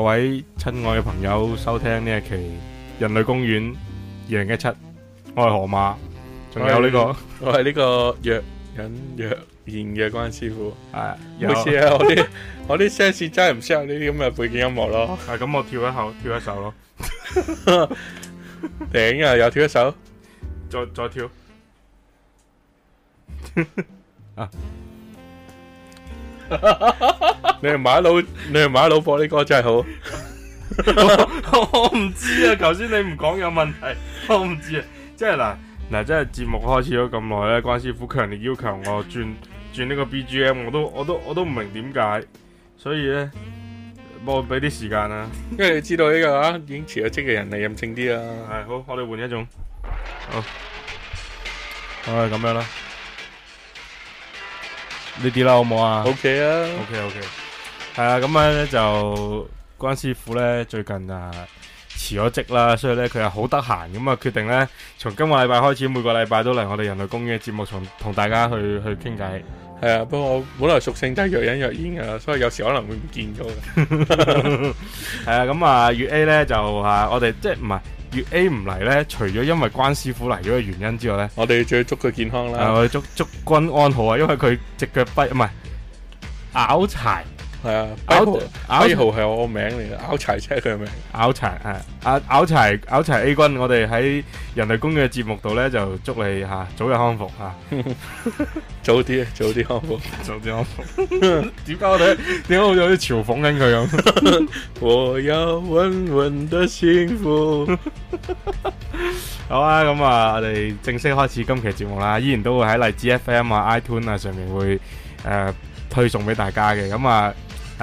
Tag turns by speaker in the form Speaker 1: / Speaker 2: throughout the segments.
Speaker 1: 各位親愛嘅朋友，收聽呢一期《人類公園》二零一七，我係河馬，仲有呢個，我係呢個若隱若現嘅關師傅，係，好似啊，我啲我啲聲線真係唔適合呢啲咁嘅背景音樂咯，係，咁我跳一下，跳一首咯，頂啊，又跳一首，再再跳，啊！ 你係馬老，你係馬老播呢歌真係好。 我我唔知啊，頭先你唔講有問題，我唔知啊。即係嗱嗱，即係節目開始咗咁耐咧，關師傅強烈要求我轉轉呢個 BGM，我都我都我都唔明點解，所以咧幫我俾啲時間啊，因為 你知道呢個啊，已經辭咗職嘅人嚟，任性啲啊。係好，我哋換一種。好，我係咁、哎、樣啦。呢啲啦，好唔好啊？OK 啊，OK OK，係啊，咁樣咧就關師傅咧最近啊辭咗職啦，所以咧佢係好得閒，咁啊決定咧從今個禮拜開始，每個禮拜都嚟我哋人類公園嘅節目，從同大家去去傾偈。係啊，不過我本來屬性真係若隱若煙噶，所以有時可能會唔見咗。係啊，咁啊，月 A 咧就啊，我哋即係唔係。月 A 唔嚟咧，除咗因為關師傅嚟咗嘅原因之外咧，我哋仲要祝佢健康啦，我哋祝祝君安好啊，因為佢隻腳跛唔係拗柴。係啊，拗拗號係我名嚟嘅，拗柴即係佢名，拗柴啊，阿拗柴拗柴 A 君，我哋喺人類公園嘅節目度咧就祝你吓早日康復吓，早啲早啲康復，早啲康復。點解我哋點解我有啲嘲諷緊佢咁？我要穩穩的幸福。好啊，咁啊，我哋正式開始今期節目啦，依然都會喺荔枝 FM 啊、iTunes 啊上面會誒推送俾大家嘅，咁啊。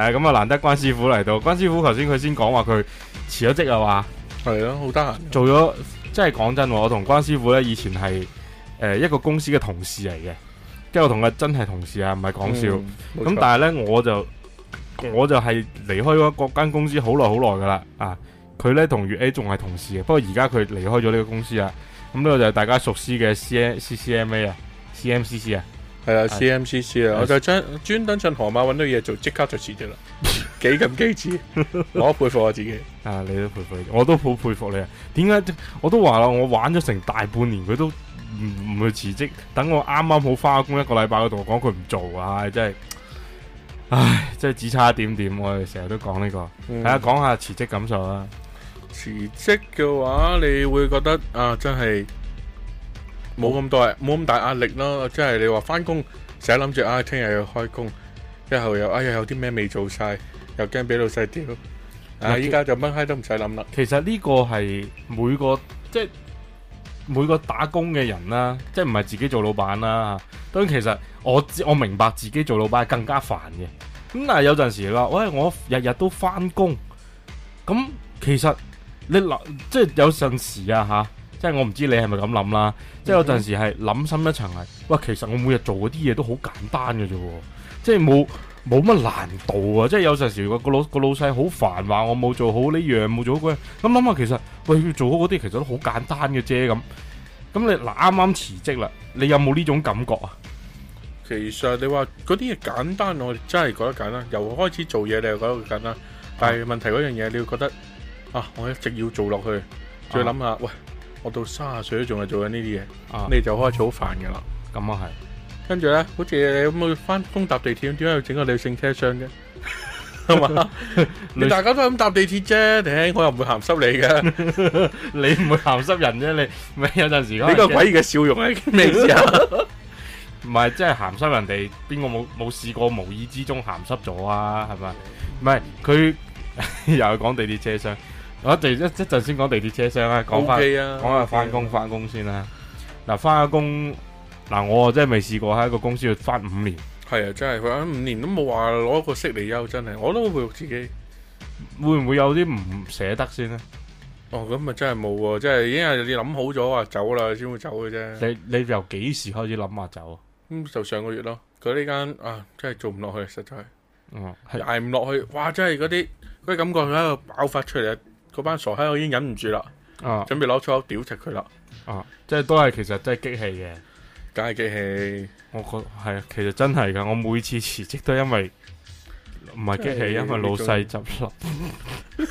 Speaker 1: 咁啊難得關師傅嚟到，關師傅頭先佢先講話佢辭咗職啊，話係啊，好得閒，做咗，即係講真，真，我同關師傅呢，以前係誒一個公司嘅同事嚟嘅，跟住我同佢真係同事啊，唔係講笑，咁、嗯、但係呢，我就我就係離開咗嗰間公司好耐好耐噶啦。啊，佢呢，同月 A 仲係同事嘅，不過而家佢離開咗呢個公司啊，咁呢個就係大家熟悉嘅 C C C M A 呀，C M C C 呀、啊。係啊，CMCC 啊，我就將專登趁河馬揾到嘢做，即刻就辭職啦， 幾咁機智，我 佩服我自己。啊，你都佩服，我都好佩服你啊！點解？我都話啦，我玩咗成大半年，佢都唔唔去辭職，等我啱啱好翻工，一個禮拜，佢同我講佢唔做啊、哎！真係，唉，真係只差一點點，我哋成日都講呢、這個。係啊、嗯，講下辭職感受啦。辭職嘅話，你會覺得啊，真係。冇咁多，冇咁大壓力咯。即係你話翻工，成日諗住啊，聽日要開工，之後又啊、哎，又有啲咩未做晒，又驚俾老細屌。啊，依家就乜閪都唔使諗啦。其實呢個係每個即係每個打工嘅人啦，即係唔係自己做老闆啦。當然，其實我我明白自己做老闆更加煩嘅。咁啊，有陣時啦，喂，我日日都翻工，咁其實你諗，即係有陣時啊，吓。即係我唔知你係咪咁諗啦，即係有陣時係諗深一層係，喂，其實我每日做嗰啲嘢都好簡單嘅啫，即係冇冇乜難度啊！即係有陣時個個老個老細好煩，話我冇做好呢樣冇做好嗰樣，咁諗下其實，喂，做好嗰啲其實都好簡單嘅啫咁。咁你嗱啱啱辭職啦，你有冇呢種感覺啊？其實你話嗰啲嘢簡單，我哋真係覺得簡單。由開始做嘢你又覺得簡單，但係問題嗰樣嘢，你會覺得啊，我一直要做落去，再諗下，啊、喂。我到卅歲都仲係做緊呢啲嘢，啊、你哋就開始好煩噶啦。咁啊係，跟住咧，好似你咁去翻工搭地鐵，點解要整個女性車廂嘅？係嘛？你大家都係咁搭地鐵啫，睇我又唔會鹹濕 你嘅，你唔會鹹濕人啫，你咪有陣時。你個詭異嘅笑容係咩意思？唔係，即係鹹濕人哋，邊個冇冇試過無意之中鹹濕咗啊？係咪？唔係， 佢 又係講地鐵車廂。我哋一一陣先講地鐵車聲啊，講翻講下翻工翻工先啦。嗱，翻工嗱，我真係未試過喺一個公司要翻五年，係啊，真係翻五年都冇話攞個息嚟休，真係我都會自己會唔會有啲唔捨得先呢？哦，咁咪真係冇喎，即係已經係你諗好咗話走啦，先會走嘅啫。你你由幾時開始諗下走？咁就上個月咯。佢呢間啊，真係做唔落去，實在，嗯，捱唔落去，哇！真係嗰啲嗰啲感覺佢喺度爆發出嚟啊！嗰班傻閪我已經忍唔住啦，啊！準備攞粗口屌柒佢啦，啊！即係都係其實真係激氣嘅，梗係激氣。我覺得係啊，其實真係噶，我每次辭職都因為唔係激氣，是因為老細執笠。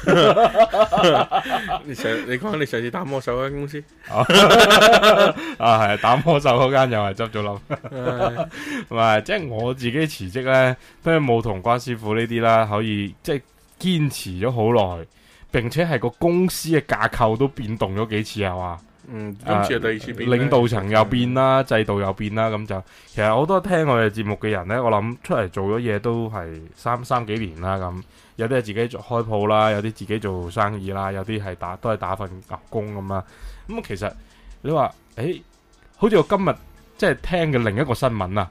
Speaker 1: 你上你講你上次打魔獸嗰間公司， 啊係打魔獸嗰間又係執咗笠，係 即係我自己辭職咧，都係冇同關師傅呢啲啦，可以即係堅持咗好耐。並且係個公司嘅架構都變動咗幾次，嗯，啊？嘛，嗯，今次係第二次變，領導層又變啦，制度又變啦，咁就其實好多聽我哋節目嘅人呢，我諗出嚟，做咗嘢,都係三三幾年啦，咁有啲係自己做開鋪啦，有啲自己做生意啦，有啲係打都係打份工咁啦。咁其實你話誒，欸，好似我今日即係聽嘅另一個新聞啊，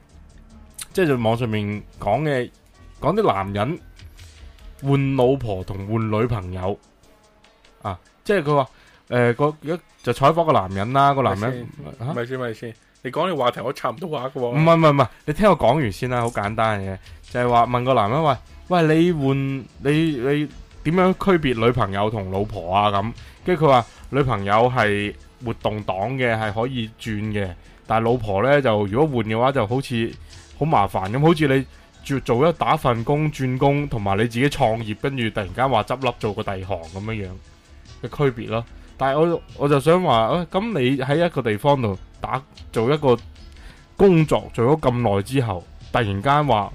Speaker 1: 即係就是，網上面講嘅，講啲男人。換老婆同換女朋友啊，即係佢話誒，個而家就採訪個男人啦，個男人咪先咪先，你講嘅話題我差唔多話嘅。唔係唔係唔係，你聽我講完先啦，好簡單嘅嘢，就係話問個男人喂喂，你換你你點樣區別女朋友同老婆啊？咁，跟住佢話女朋友係活動黨嘅，係可以轉嘅，但係老婆呢就如果換嘅話就好似好麻煩咁，好似你。做一打份工轉工，同埋你自己創業，跟住突然間話執笠做個第二行咁樣樣嘅區別咯。但係我我就想話，誒、欸，咁你喺一個地方度打做一個工作做咗咁耐之後，突然間話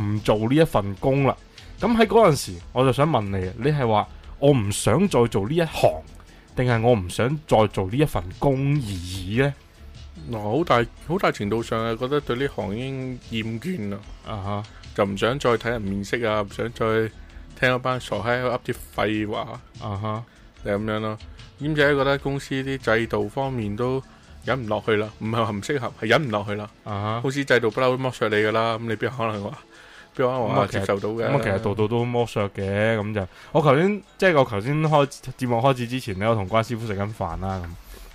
Speaker 1: 唔做呢一份工啦。咁喺嗰陣時，我就想問你，你係話我唔想再做呢一行，定係我唔想再做呢一份工而已呢？嗱，好大好大程度上啊，覺得對呢行已經厭倦啦，啊哈、uh，huh。就唔想再睇人面色啊，唔想再聽一班傻閪 up 啲廢話，啊哈、uh，huh。就咁樣咯。兼且覺得公司啲制度方面都忍唔落去啦，唔係話唔適合，係忍唔落去啦，啊、uh huh。好似制度不嬲都剝削你噶啦，咁你邊可能話邊可能話接受到嘅？咁其實度度都剝削嘅，咁就我頭先即係我頭先開節目開始之前咧，我同關師傅食緊飯啦，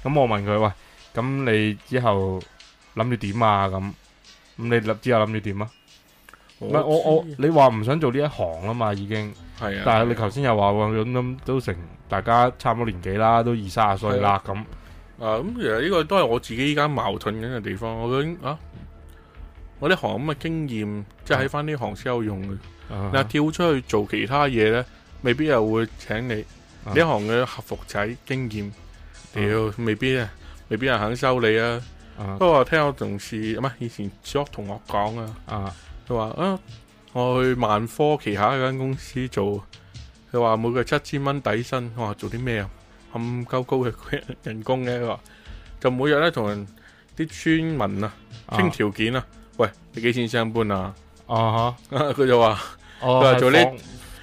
Speaker 1: 咁咁我問佢喂。咁你之後諗住點啊？咁咁你之後諗住點啊？唔係我知我，我你話唔想做呢一行啦嘛？已經係是啊但！但係你頭先又話我諗都成，大家差唔多年紀啦，都二三十歲啦咁。是啊，那啊！咁其實呢個都係我自己依家矛盾緊嘅地方。我究竟啊，我呢行咁嘅經驗，即係喺翻呢行先有用嘅。嗱，嗯、跳出去做其他嘢咧，未必又會請你呢、啊、行嘅客服仔經驗，屌、嗯、未必啊！未必人肯收你啊！不過、uh huh. 聽我同事唔係以前小學同學講、uh huh. 啊，佢話啊我去萬科旗下一間公司做，佢話每個七千蚊底薪，我、啊、話做啲咩啊咁高高嘅人工嘅，佢話就每日咧同人啲村民啊傾條件啊，uh huh. 喂你幾錢先搬啊？啊吓佢就話佢話做啲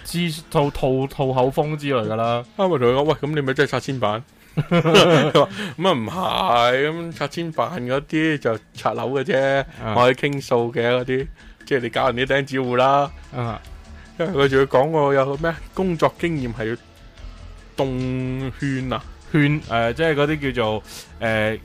Speaker 1: 資做套套口風之類噶啦，啱咪同佢講喂咁你咪真係拆遷板？咁啊唔係咁拆遷辦嗰啲就拆樓嘅啫，可以傾數嘅嗰啲，即係你搞人啲釘子戶啦。啊，因為佢仲要講我有咩工作經驗係要動圈啊圈誒，即係嗰啲叫做誒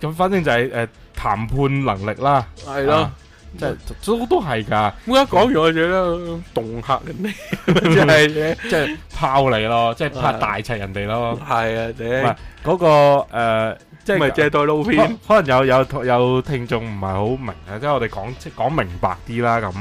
Speaker 1: 咁，反正就係誒談判能力啦。係咯。即係都都係噶，我而家講完我哋都凍客人即係即係炮你咯，即係拍大齊人哋咯。係啊是，嗰是、嗰個誒，即係咪借片？可能有有有聽眾唔係好明啊，即係我哋講即講明白啲啦咁。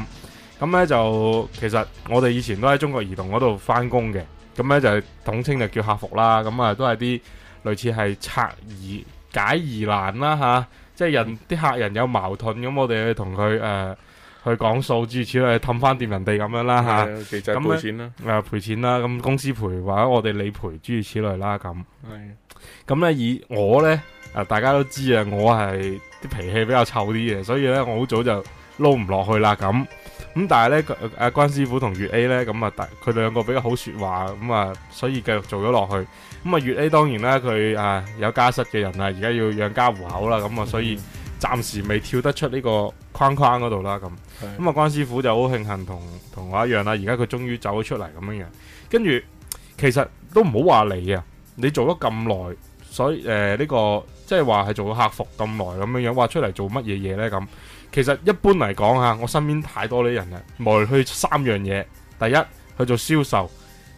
Speaker 1: 咁咧就其實我哋以前都喺中國移動嗰度翻工嘅，咁咧就統稱就叫客服啦。咁啊都係啲類似係拆疑、解疑難啦吓。即係人啲客人有矛盾，咁我哋去同佢誒去講數，諸如此類氹翻掂人哋咁樣啦吓，嗯。咁咧啦賠錢啦，咁公司賠或者我哋理賠諸如此類啦。咁。咁咧是的 以我咧、呃、大家都知啊，我係啲脾氣比較臭啲嘅，所以咧我好早就撈唔落去啦咁。咁但係咧，阿關師傅同粵 A 咧，咁啊，佢哋兩個比較好說話，咁啊，所以繼續做咗落去。咁啊，粵 A 當然啦，佢啊有家室嘅人啊，而家要養家糊口啦，咁啊，所以暫時未跳得出呢個框框嗰度啦。咁咁啊，關師傅就好慶幸同同我一樣啦，而家佢終於走咗出嚟咁樣樣。跟住其實都唔好話你啊，你做咗咁耐，所以誒呢、呃這個即係話係做咗客服咁耐咁樣樣，話出嚟做乜嘢嘢咧咁？其實一般嚟講吓，我身邊太多呢啲人啦，無去三樣嘢。第一，去做銷售，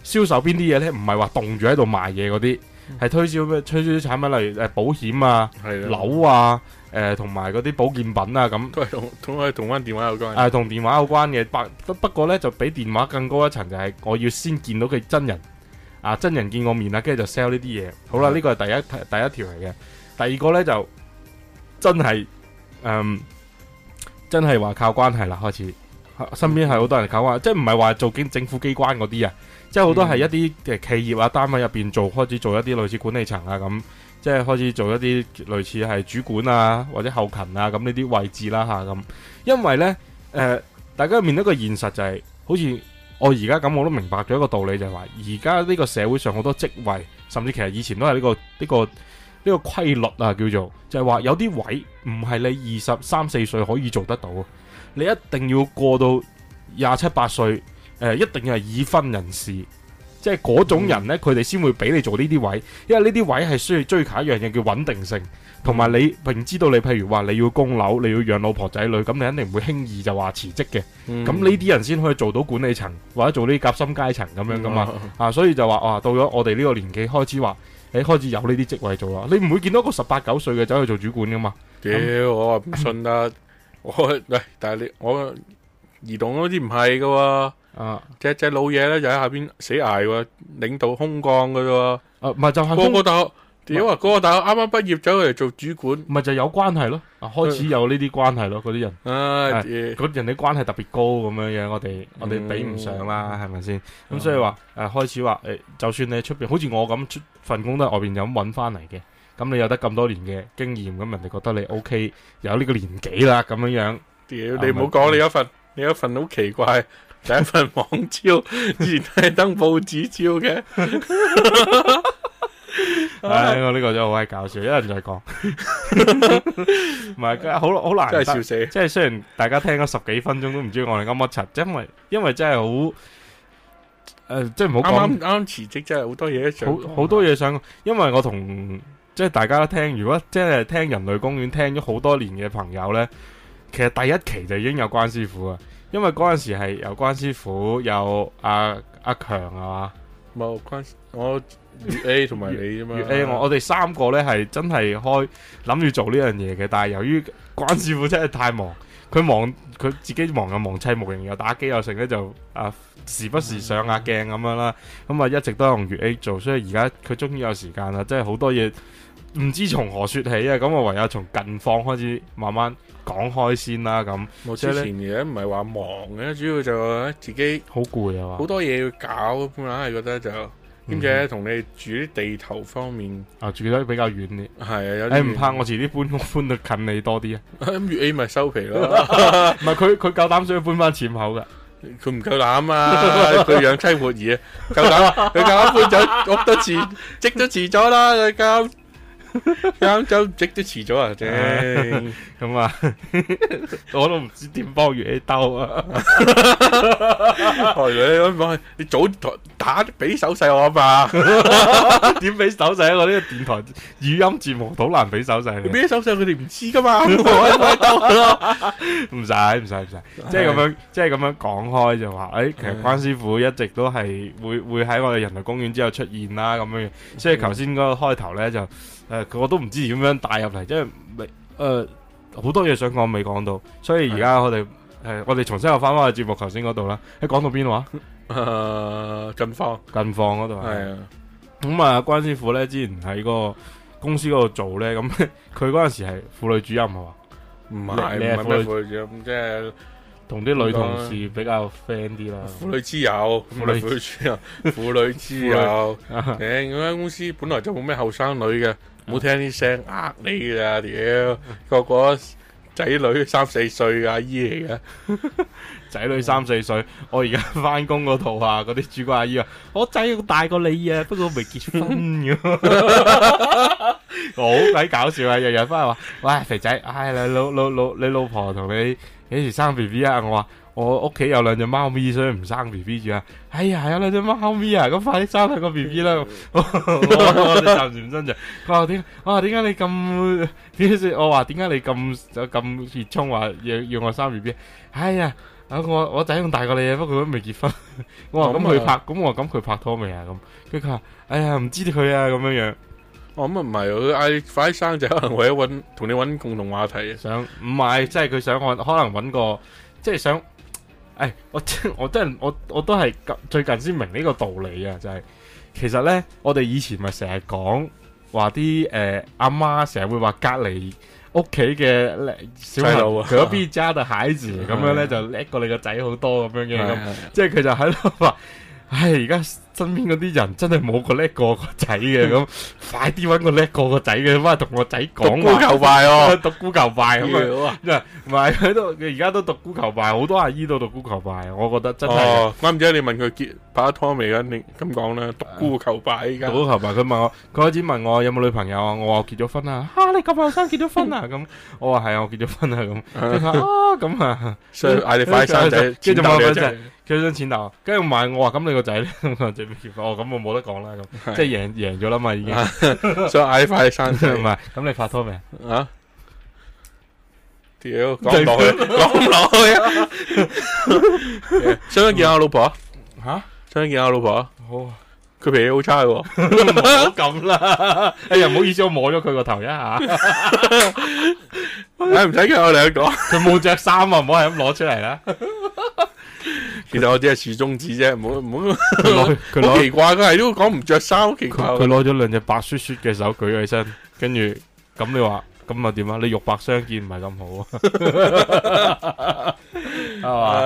Speaker 1: 銷售邊啲嘢呢？唔係話凍住喺度賣嘢嗰啲，係、嗯、推銷咩？推銷啲產品，例如保險啊，係樓的啊，誒同埋嗰啲保健品啊咁。都係同都係同翻電話有關。誒、呃，同電話有關嘅，不不不過呢就比電話更高一層，就係、是、我要先見到佢真人，啊真人見過面啦，跟住就 sell 呢啲嘢。好啦，呢個係第一第一條嚟嘅。第二個呢，就真係，嗯。真係話靠關係啦，開始身邊係好多人靠關係，即係唔係話做政府機關嗰啲啊，即係好多係一啲嘅企業啊、單位入面做，開始做一啲類似管理層啊咁，即係開始做一啲類似係主管啊或者後勤啊咁呢啲位置啦吓咁，因為呢，誒、呃，大家面對一個現實就係、是，好似我而家咁，我都明白咗一個道理就係話，而家呢個社會上好多職位，甚至其實以前都係呢個呢個。這個呢個規律啊，叫做就係、是、話有啲位唔係你二十三四歲可以做得到，你一定要過到廿七八歲，誒、呃，一定要係已婚人士，即係嗰種人呢。佢哋先會俾你做呢啲位，因為呢啲位係需要追求一樣嘢叫穩定性，同埋你明知道你譬如話你要供樓，你要養老婆仔女，咁你肯定唔會輕易就話辭職嘅，咁呢啲人先可以做到管理層或者做呢啲夾心階層咁樣噶嘛，嗯、啊，所以就話哇，到咗我哋呢個年紀開始話。你、欸、開始有呢啲職位做啦，你唔會見到個十八九歲嘅走去做主管噶嘛？屌、嗯欸，我話唔信啦、啊唉，我喂，但係你我移動嗰啲唔係噶，啊，啊只隻老嘢咧就喺下邊死挨喎，領導空降噶啫，啊、唔係、啊、就係個個大學。屌啊！嗰個大學啱啱畢業走去嚟做主管，咪就有關係咯，開始有呢啲關係咯，嗰啲人。唉、哎、咁、哎、人哋關係特別高咁樣樣，我哋我哋比唔上啦，係咪先？咁所以話誒、呃，開始話誒，就算你出邊，好似我咁出份工都係外邊咁搵翻嚟嘅，咁你有得咁多年嘅經驗，咁人哋覺得你 OK，有呢個年紀啦，咁樣樣。屌，你唔好講你一份，嗯、你一份好奇怪，第一份網招，而家係登報紙招嘅。唉，我呢個真係好鬼搞笑，一陣再講，唔係好好難，真係笑死。即係雖然大家聽咗十幾分鐘都唔知我哋噏乜柒，因為因為真係好誒，即係唔好講啱啱啱辭職，真係好多嘢想，好好多嘢想。因為我同即係大家都聽，如果即係聽《人類公園》聽咗好多年嘅朋友呢，其實第一期就已經有關師傅啊，因為嗰陣時係有關師傅，有阿阿強啊嘛，冇、啊啊、關我。A 同埋你月月 A，啊嘛，A 我哋三個咧係真係開諗住做呢樣嘢嘅，但係由於關師傅真係太忙，佢忙佢自己忙，忙，忙，忙，忙又忙砌模型又打機又成咧，就啊時不時上下鏡咁、啊嗯嗯、樣啦。咁、嗯、啊一直都用月 A 做，所以而家佢終於有時間啦，真係好多嘢唔知從何說起啊。咁我唯有從近況開始慢慢講開先啦。咁我沒以之前嘅唔係話忙嘅，主要就自己好攰啊嘛，好多嘢要搞，本來係覺得就。點解？同、嗯、你住啲地頭方面啊，住得比較遠啲。係啊，你唔怕我遲啲搬屋搬到近你多啲 啊？咁月 A 咪收皮咯，唔係佢佢夠膽想搬翻前口噶，佢唔夠膽啊！佢養妻活兒，夠膽佢夠膽搬就攞多錢，積都遲咗啦，佢夠。 啱周即都遲咗啊！啫咁啊，我都唔知點幫月兜啊！你你你早台打畀手勢我啊嘛？點畀手勢啊？我呢個電台語音節目好難畀手勢。咩手勢？佢哋唔知噶嘛？唔使唔使唔使，即係咁樣，即係咁樣講開就話，誒，其實關師傅一直都係會會喺我哋人類公園之後出現啦，咁樣。所以頭先嗰個開頭咧就。誒，我都唔知點樣帶入嚟，即係未誒，好多嘢想講未講到，所以而家我哋誒，我哋重新又翻翻去節目頭先嗰度啦。係講到邊話？誒，近況近況嗰度係啊。咁啊，關師傅咧之前喺個公司嗰度做咧，咁佢嗰陣時係婦女主任係嘛？唔係咩婦女主任，即係同啲女同事比較 friend 啲啦。婦女之友，我哋婦女主任，婦女之友。誒，嗰間公司本來就冇咩後生女嘅。冇聽啲聲呃你噶，屌個個仔女三四歲阿姨嚟嘅，仔 女三四歲，我而家翻工嗰套啊，嗰啲主管阿姨話：我仔要大過你啊，不過我未結婚嘅，好鬼搞笑啊！日日翻嚟話：喂肥仔，唉、哎、你老老老你老婆同你幾時生 B B 啊？我話。我屋企有兩隻貓咪，所以唔生 B B 住啊！哎呀，有兩隻貓咪啊，咁快啲生兩個 B B 啦！我我暫時唔生就，我話點，我話點解你咁，點我話點解你咁咁熱衷，話要要我生 B B？哎呀，我我仔咁大個你啊，不過佢都未結婚。 我話咁佢拍，咁我咁佢，嗯嗯、拍拖未啊？咁，佢話，哎呀，唔知佢啊，咁樣樣。哦，咁啊唔係，佢快啲生就可能為咗同你搵共同話題，想唔係，即係佢想我可能搵個，即係想。誒，我真我真係我我都係近最近先明呢個道理啊！就係其實咧，我哋以前咪成日講話啲誒阿媽成日會話隔籬屋企嘅小細路，佢邊揸到孩子咁樣咧，啊、就叻過你個仔好多咁樣嘅，即係佢就喺度話，唉而家。身邊嗰啲人真係冇個叻個個仔嘅，咁快啲揾個叻個個仔嘅，翻去同個仔講啊！獨孤求敗哦，獨孤求敗咁啊，唔係都，佢而家都獨孤求敗，好多阿姨都獨孤求敗，我覺得真係。哦，啱唔啱？你問佢結拍咗拖未啊？你咁講咧，獨孤求敗噶。獨孤求敗，佢問我，佢開始問我有冇女朋友啊？我話結咗婚啊。」吓，你咁後生結咗婚啊？咁我話係啊，我結咗婚啊。咁啊，咁啊，所以嗌你買生仔，跟住買，跟錢鬧，跟住買。我話咁你個仔咧？哦，咁我冇得講啦，咁即係贏贏咗啦嘛，已經想嗌呢塊生，唔係咁你拍拖未啊？屌，講唔落去，講唔落去。想唔想見下我老婆？吓，想唔想見下我老婆？好，佢脾氣好差喎。唔好咁啦，哎呀，唔好意思，我摸咗佢個頭一下，睇唔使見我兩個？佢冇着衫啊，唔好係咁攞出嚟啦。其實我只係豎中指啫，唔好唔好，佢好奇怪佢係都講唔着衫，好奇怪。佢攞咗兩隻白雪雪嘅手舉起身，跟住咁你話咁又點啊？你肉白相見唔係咁好 唉啊？係嘛？唉，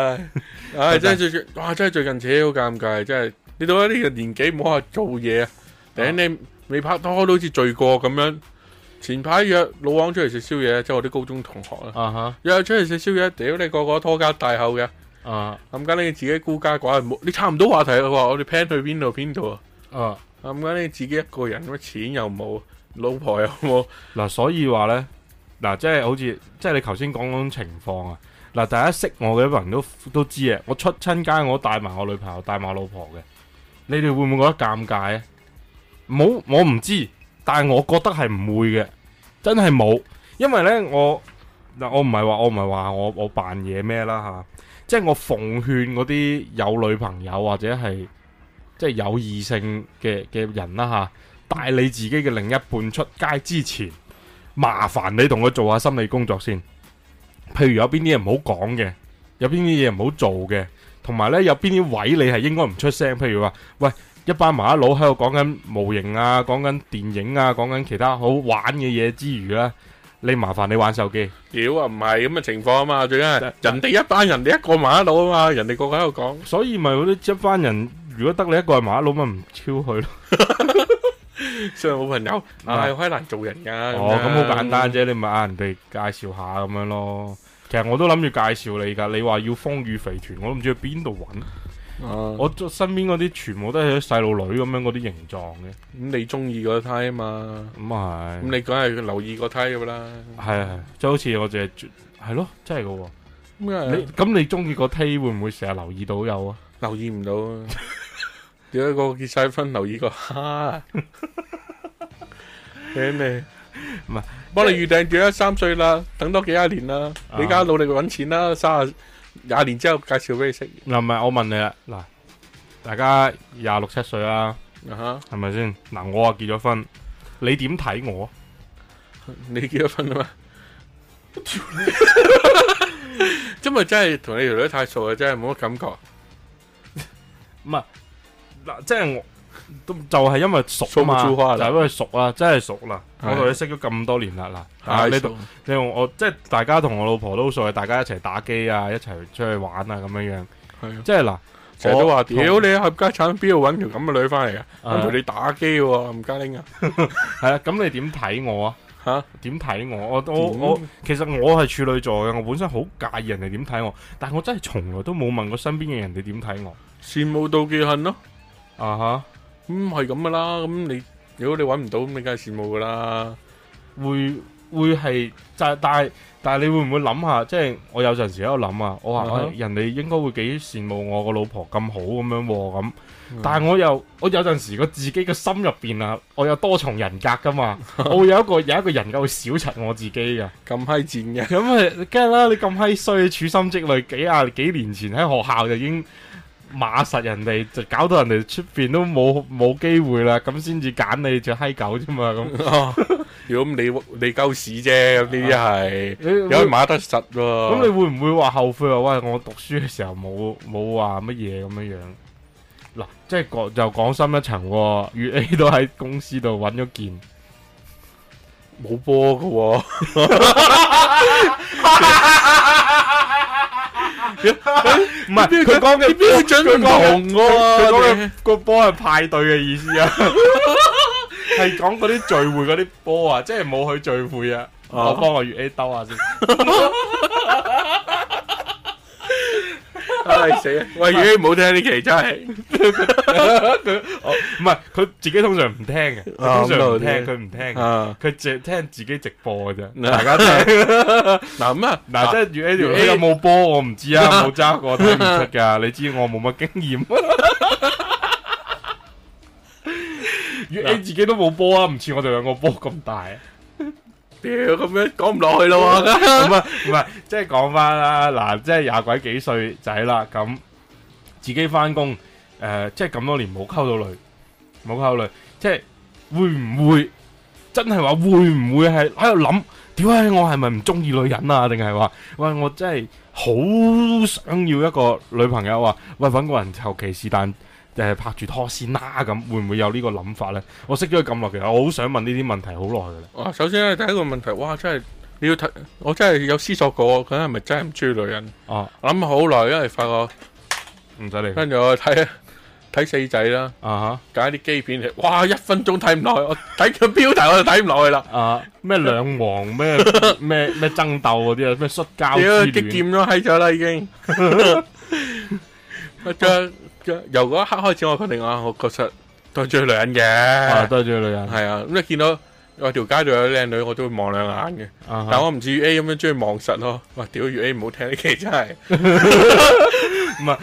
Speaker 1: 唉唉真係最近哇，真係最近扯好尷尬，真係你到咗呢個年紀唔好話做嘢啊！頂你未拍拖都好似罪過咁樣。前排約老王出嚟食宵夜，即係我啲高中同學啦。啊哈！約出嚟食宵夜，屌你個個拖家大口嘅。啊！咁家、啊、你自己孤家寡人冇，你差唔多話題啦喎！我哋 plan 去邊度邊度啊，啊，啊？啊！咁家你自己一個人，乜錢又冇，老婆又冇嗱，所以話咧嗱，即係好似即係你頭先講嗰種情況啊！嗱，大家識我嘅人都都知啊！我出親街，我帶埋我女朋友，帶埋我老婆嘅。你哋會唔會覺得尷尬啊？冇，我唔知，但係我覺得係唔會嘅，真係冇，因為咧我嗱，我唔係話我唔係話我我扮嘢咩啦吓。即係我奉勸嗰啲有女朋友或者係即係有異性嘅嘅人啦吓，帶你自己嘅另一半出街之前，麻煩你同佢做下心理工作先。譬如有邊啲嘢唔好講嘅，有邊啲嘢唔好做嘅，同埋呢有邊啲位你係應該唔出聲。譬如話，喂，一班麻甩佬喺度講緊模型啊，講緊電影啊，講緊其他好玩嘅嘢之餘啦、啊。你麻煩你玩手機，屌啊！唔係咁嘅情況啊嘛，最緊係人哋一班人，哋一個麻得到啊嘛，人哋個個喺度講，所以咪嗰啲一班人，如果得你一個係麻得到，咪唔超佢咯。雖係 好朋友，係好難做人噶。哦，咁好簡單啫，你咪嗌人哋介紹下咁樣咯。其實我都諗住介紹你噶，你話要風雨肥團，我都唔知去邊度揾。我身邊嗰啲全部都係啲細路女咁樣嗰啲形狀嘅，咁你中意個梯啊嘛，咁啊係，咁你梗係留意個梯噶啦，係係，就好似我淨係咯，真係噶，咁你咁你中意個梯會唔會成日留意到有啊？留意唔到啊，點解個結晒婚留意個哈睇咩？唔係，幫你預訂幾多三歲啦，等多幾啊年啦，你而家努力去搵錢啦，卅。廿年之後介紹俾你識，嗱，唔係我問你啦，嗱大家廿六七歲啦，係咪先？嗱、huh. 我啊結咗婚，你點睇我？你結咗婚吖嘛？今日 真係同你條女太熟啊，真係冇乜感覺。唔係嗱，即係我。都就係因為熟嘛，就因為熟啦，真係熟啦。我同你識咗咁多年啦，嗱，你同你我，即係大家同我老婆都好熟，大家一齊打機啊，一齊出去玩啊，咁樣樣。即係嗱，成日都話，屌你啊，合家鏟，邊度搵條咁嘅女翻嚟啊？同你打機喎，吳家玲啊？係啊，咁你點睇我啊？吓？點睇我？我我我，其實我係處女座嘅，我本身好介意人哋點睇我，但係我真係從來都冇問過身邊嘅人哋點睇我。羨慕妒忌恨咯，啊吓？咁係咁噶啦，咁、嗯、你如果你搵唔到，咁你梗係羨慕噶啦，會會係但但係但係你會唔會諗下？即係我有陣時喺度諗啊，我話、uh huh. 人哋應該會幾羨慕我個老婆咁好咁樣咁，但係我又我有陣時個自己嘅心入邊啊，我有多重人格噶嘛， 我會有一個有一個人格會小柒我自己嘅。咁閪賤嘅，咁係梗係啦，你咁閪衰，處 心積慮幾廿幾年前喺學校就已經。馬實人哋就搞到人哋出邊都冇冇機會啦，咁先至揀你隻閪狗啫嘛咁。如果你你鳩屎啫，呢啲係有冇馬得實喎？咁你會唔會話後悔啊？喂，我讀書嘅時候冇冇話乜嘢咁樣樣。嗱，即係講就講深一層，粵 A 都喺公司度揾咗件冇波噶。唔係，佢講嘅標準嘅紅佢講嘅個波係派對嘅意思啊，係講嗰啲聚會嗰啲波啊，即係冇去聚會啊，啊我幫我月 A 兜下先。 係死啊！喂，你唔好聽呢期真係，唔係佢自己通常唔聽嘅，通常聽佢唔聽，佢只聽自己直播嘅啫，大家聽嗱咁啊嗱，即係月 A 你有冇波我唔知啊，冇揸過聽唔出噶，你知我冇乜經驗。月 A 自己都冇波啊，唔似我哋兩個波咁大。屌，咁樣講唔落去咯，咁啊，唔係即係講翻啦，嗱，即係廿鬼幾歲仔啦，咁自己翻工，誒，即係咁多年冇溝到女，冇溝女，即係會唔會真係話會唔會係喺度諗，屌啊，我係咪唔中意女人啊，定係話喂，我真係好想要一個女朋友啊，喂，搵個人求其是但。就誒，拍住拖先啦，咁會唔會有這個想呢個諗法咧？我識咗佢咁耐，其實我好想問呢啲問題好耐噶啦。啊，首先咧第一個問題，哇，真係你要睇，我真係有思索過，佢係咪真係唔中意女人？哦、啊，諗好耐，因為發覺唔使理。跟住我睇睇四仔啦，啊吓哈，揀啲基片嚟，哇，一分鐘睇唔落去。我睇個標題我就睇唔落去啦。啊，咩兩王咩咩咩爭鬥嗰啲啊，咩摔跤？激劍都閪咗啦，已經。乜張？由嗰一刻開始，我確定我確實對住女人嘅，對住女人係啊。咁你見到我條街度有靚女，我都會望兩眼嘅。但我唔至於 A 咁樣中意望實咯。哇！屌，A 唔好聽呢期真係。唔係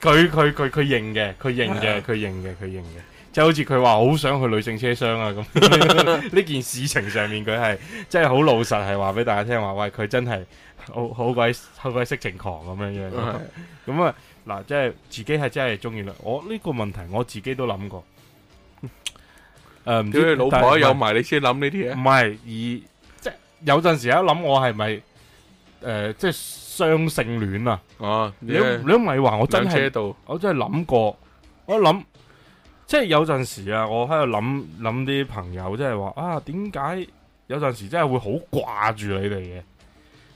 Speaker 1: 佢佢佢佢認嘅，佢認嘅，佢認嘅，佢認嘅。即係好似佢話好想去女性車廂啊咁。呢件事情上面佢係真係好老實，係話俾大家聽話，喂，佢真係好好鬼好鬼色情狂咁樣樣。咁啊。嗱，即係自己係真係中意啦。我呢個問題我自己都諗過。誒、嗯，唔知你老婆有埋是是你先諗呢啲嘢，唔係，而即係有陣時一諗，諗，我係咪誒，即係雙、呃、性戀啊？哦、啊，你、就是、你唔係話我真係度，我真係諗過。我諗，即係有陣時啊，我喺度諗諗啲朋友，即係話啊，點解有陣時真係會好掛住你哋嘅？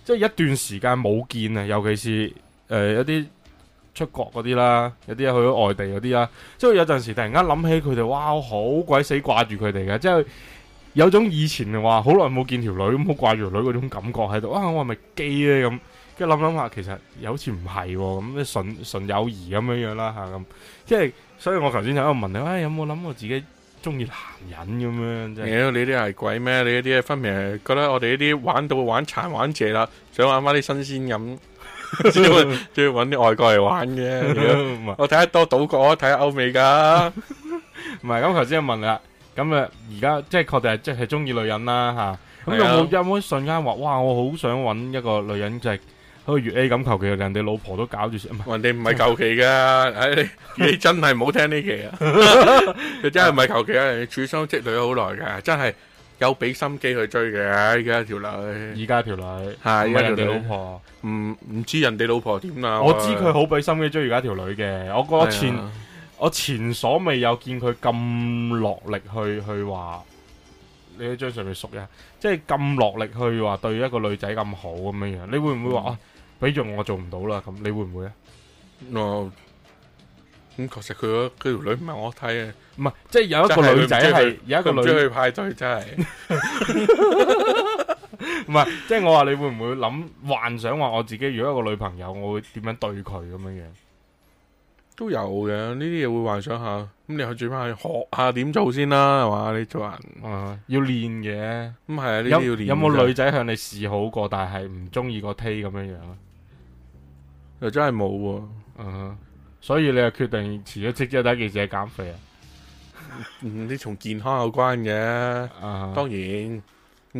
Speaker 1: 即係一段時間冇見啊，尤其是誒一啲。呃出國嗰啲啦，有啲又去咗外地嗰啲啦，即係有陣時突然間諗起佢哋，哇，好鬼死掛住佢哋嘅，即係有種以前話好耐冇見條女咁，好掛住條女嗰種感覺喺度啊！我係咪基咧咁？跟住諗諗下，其實又好似唔係喎，咁純純友誼咁樣樣啦嚇咁，即係所以我有問題，我頭先就喺度問你，有冇諗過自己中意男人咁樣？妖你啲係鬼咩？你啲分明係覺得我哋呢啲玩到玩殘玩謝啦，想玩翻啲新鮮咁。仲要仲要揾啲外國嚟玩嘅，我睇得多島國，睇下歐美噶。唔係咁頭先又問啦，咁啊而家即係確定係即係中意女人啦吓，咁有冇有冇一瞬間話哇，我好想揾一個女人就係好似月 A 咁求其，人哋老婆都搞住先啊嘛。人哋唔係求其噶，唉你真係唔好聽呢期啊，你真係唔係求其啊，你處心積累咗好耐嘅，真係。有俾心機去追嘅而家條女，而家條女係人哋老婆，唔唔知人哋老婆點啦。我知佢好俾心機追而家條女嘅，我前、哎、呀 我前所未有見佢咁落力去去話，你啲張上面熟嘅，即係咁落力去話對一個女仔咁好咁樣樣，你會唔會話啊？俾住我做唔到啦，咁你會唔會咧？嗱。呃咁、嗯、確實佢嗰條女唔係我睇嘅，唔係即係有，有一個女仔係有一個女仔去派對，真係唔係。即係我話你會唔會諗幻想話我自己如果有個女朋友，我會點樣對佢咁樣樣？都有嘅，呢啲嘢會幻想下，咁你去轉翻去學下點做先啦，啊，係嘛？你做人，啊、要練嘅，咁係啊，呢啲要練。有冇女仔向你示好過，但係唔中意個 T 咁樣樣啊？又真係冇喎，huh。所以你又決定辭咗職之後，第一件事係減肥啊？嗯，啲從健康有關嘅，當然應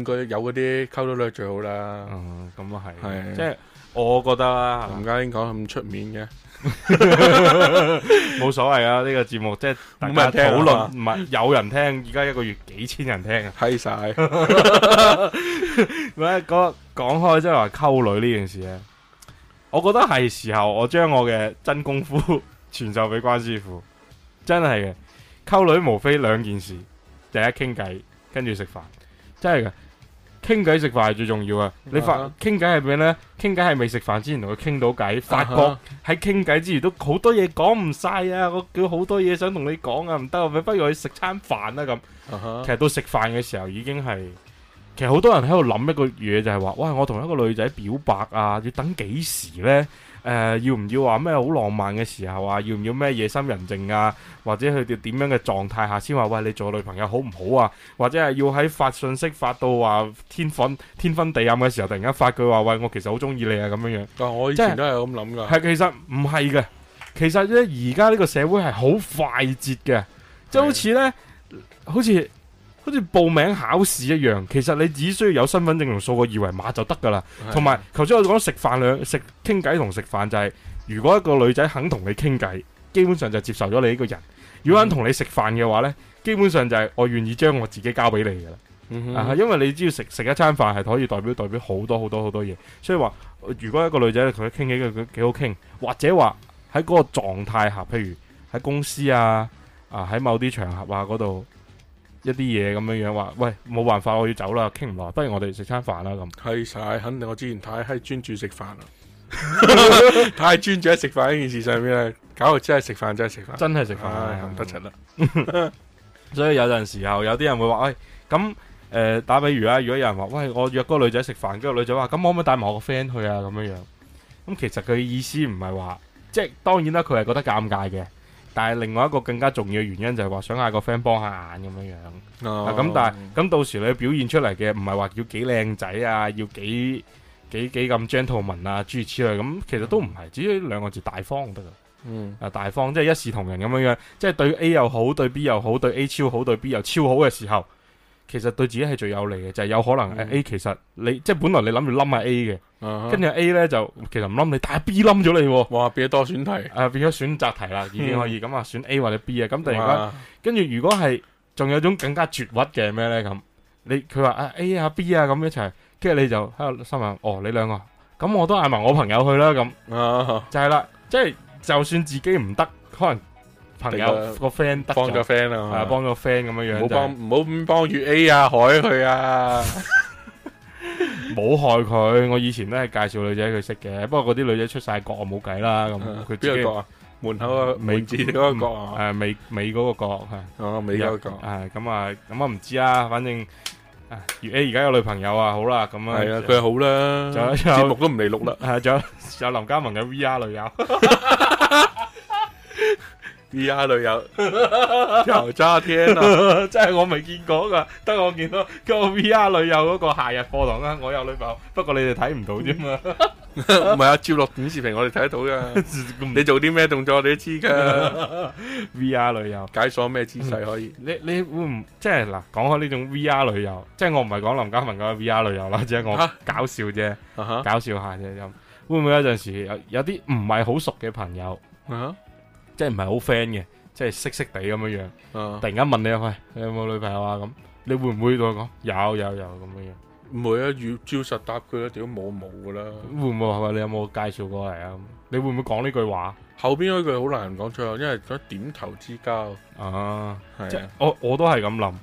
Speaker 1: 該有嗰啲溝到女最好啦。嗯，咁啊係，即係我覺得啦。林嘉欣講咁出面嘅，冇所謂啊！呢個節目即係大家討論，唔係有人聽。而家一個月幾千人聽啊，睇曬。喂，講，講開即係話溝女呢件事咧。我覺得係時候，我將我嘅真功夫傳授俾關師傅，真係嘅。溝女無非兩件事，第一傾偈，跟住食飯，真係嘅。傾偈食飯係最重要啊！你發傾偈係咩呢，傾偈係未食飯之前同佢傾到偈。發覺喺傾偈之餘都好多嘢講唔晒啊！我叫好多嘢想同你講啊，唔得啊，不如我去食餐飯啦咁。Uh huh. 其實到食飯嘅時候已經係。其實好多人喺度諗一個嘢，就係話，喂，我同一個女仔表白啊，要等幾時呢？誒、呃，要唔要話咩好浪漫嘅時候啊？要唔要咩夜深人靜啊？或者去到點樣嘅狀態下才說，先話喂，你做女朋友好唔好啊？或者係要喺發信息發到話天昏天昏地暗嘅時候，突然間發句話，喂，我其實好中意你啊，咁樣樣。但我以前都係咁諗噶。係、就是、其實唔係嘅，其實咧而家呢個社會係好快捷嘅，即係好似呢。的好似。好似報名考試一樣，其實你只需要有身份證同掃個二維碼就得噶啦。同埋是的，頭先我講食飯兩食傾偈同食飯就係、是，如果一個女仔肯同你傾偈，基本上就接受咗你呢個人。如果肯同你食飯嘅話呢，嗯、基本上就係我願意將我自己交俾你噶啦、嗯哼 啊。因為你知道食食一餐飯係可以代表代表好多好多好多嘢。所以話，如果一個女仔同佢傾偈，佢幾好傾，或者話喺嗰個狀態下，譬如喺公司啊啊喺某啲場合啊嗰度。一啲嘢咁樣樣，話喂冇辦法，我要走啦，傾唔落，不如我哋食餐飯啦咁。係晒，肯定我之前太係專注食飯啦， 太專注喺食飯呢件事上面啦，搞到真係食飯真係食飯，真係食飯，冚得齊啦。哎、所以有陣時候，有啲人會話，喂、 哎，咁誒、呃，打比如啊，如果有人話，喂，我約嗰個女仔食飯，跟住個女仔話，咁可唔可以帶埋我個 friend 去啊？咁樣樣，咁其實佢意思唔係話，即係當然啦，佢係覺得尷尬嘅。但係另外一個更加重要嘅原因就係話想嗌個 friend 幫下眼咁樣樣，咁、oh 啊、但係咁到時你表現出嚟嘅唔係話要幾靚仔啊，要幾幾幾咁 gentleman 啊諸如此類，咁其實都唔係，嗯、只要兩個字大方得啦，嗯啊大方即係、就是、一視同仁咁樣樣，即、就、係、是、對 A 又好，對 B 又好，對 A 超好，對 B 又超好嘅時候。其實對自己係最有利嘅，就係、是、有可能 A 其實你、嗯、即係本來你諗住冧下 A 嘅，跟住、啊、A 咧就其實唔冧你，但係 B 冧咗你。哇！變咗多選題，誒、啊，變咗選擇題啦，已經可以咁啊，嗯、選 A 或者 B 如果啊。咁突然間，跟住如果係仲有一種更加絕屈嘅咩咧咁？你佢話啊 A 啊 B 啊咁一齊，跟住你就喺度心諗，哦，你兩個，咁我都嗌埋我朋友去啦咁、啊。就係啦，即係就算自己唔得，可能。
Speaker 2: 朋友個 friend 幫個 friend 啊，幫個 friend 咁樣樣，唔好幫唔
Speaker 1: 好咁幫月 A 啊，害佢啊，冇害佢。我以前都係介紹女仔佢識嘅，不過嗰啲女仔出晒國，我冇計啦。咁佢邊個國啊？門口啊，美字嗰個國啊，美美嗰個國啊，哦，美洲國。係咁啊，咁啊唔知啦。反正月 A 而家有女朋友啊，好啦，咁啊，係啊，佢好啦。仲有節目都唔嚟錄啦，係仲有有林嘉文嘅 VR 女友。V R 女友，又揸聽咯， 真係我未見過噶，得我見到個 V R 女友嗰個夏日課堂啊！我有女朋友，不過你哋睇唔到啫嘛，唔係啊，照落短視頻我哋睇得到噶， 你做啲咩動作你都知噶。 V R 女友，解鎖咩姿勢可以？嗯、你你會唔即係嗱？講開呢種 V R 女友，即係我唔係講林嘉文嗰個 V R 女友啦，只係我搞笑啫，啊、搞笑下啫，會唔會有陣時有有啲唔係好熟嘅朋友？啊即係唔係好 friend 嘅，即係識識地咁樣樣。Uh huh. 突然間問你，喂，你有冇女朋友啊？咁你會唔會同我講？有有有咁樣樣，唔會啊！要照實答佢啦，屌冇冇噶啦。會唔會係咪？你有冇介紹過嚟啊？你會唔會講呢句話？後邊嗰句好難講出，因為佢點頭之交、uh huh. 啊？即係我我都係咁諗，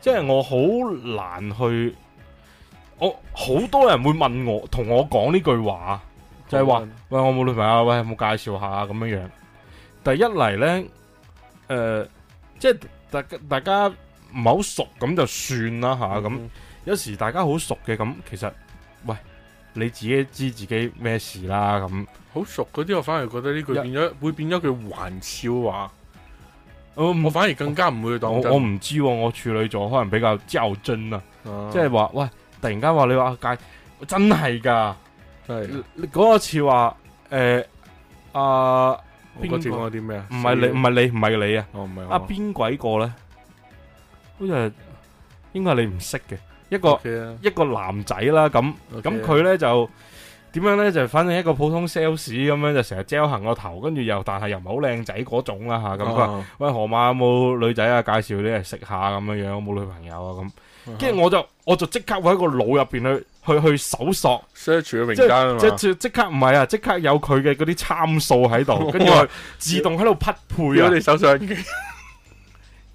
Speaker 1: 即係我好難去，我好多人會問我，同我講呢句話，就係話，嗯，喂，我冇女朋友啊，喂，有冇介紹下啊？咁樣樣。第一嚟咧，誒、呃，即係大大家唔係好熟咁就算啦吓，咁、嗯嗯、有時大家好熟嘅咁，其實喂，你自己知自己咩事啦咁。好熟嗰啲，我反而覺得呢句變咗，一會變咗句玩笑話。我、嗯、我反而更加唔會當真。我唔知、啊，我處女座可能比較較真啊，即係話喂，突然間話你話介，真係噶，你嗰是 次話誒啊。呃呃邊個接我啲咩啊？唔係你，唔係你，唔係你啊！哦、唔係我唔係啊，邊鬼個咧？好似係，應該係你唔識嘅一個、okay 啊、一個男仔啦。咁咁佢咧就點樣咧？就反正一個普通 sales 咁樣，就成日 jel 行個頭，跟住又但係又唔係好靚仔嗰種啦吓。咁佢話：喂，河馬有冇女仔啊？介紹啲嚟食下咁樣樣，冇女朋友啊咁。跟住我就我就即刻會喺個腦入邊去去去搜索 search 嘅名單即即，即刻唔係啊，即刻有佢嘅嗰啲參數喺度，跟住哇自動喺度匹配我、啊、你手上，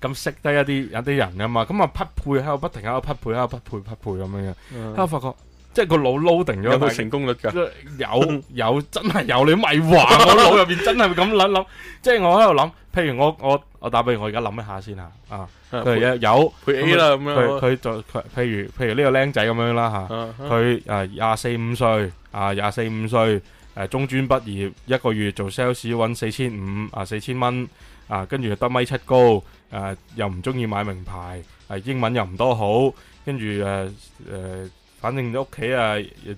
Speaker 1: 咁 識得一啲有啲人噶嘛，咁啊匹配喺度不停喺度匹配喺度匹配匹配咁樣嘅，咁我、嗯、發覺即係個腦 load 定咗，有，有成功率噶，有有真係有你咪話，我腦入邊真係咁諗諗，即係 我喺度諗，譬如我我。我打比我而家諗一下先吓，啊，佢有，配，有配 A 啦，咁他樣，佢佢就譬如譬如呢個僆仔咁樣啦吓，佢啊廿四五歲，啊廿四五歲，誒、啊啊啊啊、中專畢業，一個月做 sales 搵四千五，啊四千蚊，啊跟住得米七高，誒、啊、又唔中意買名牌，誒、啊、英文又唔多好，跟住誒誒，反正屋企啊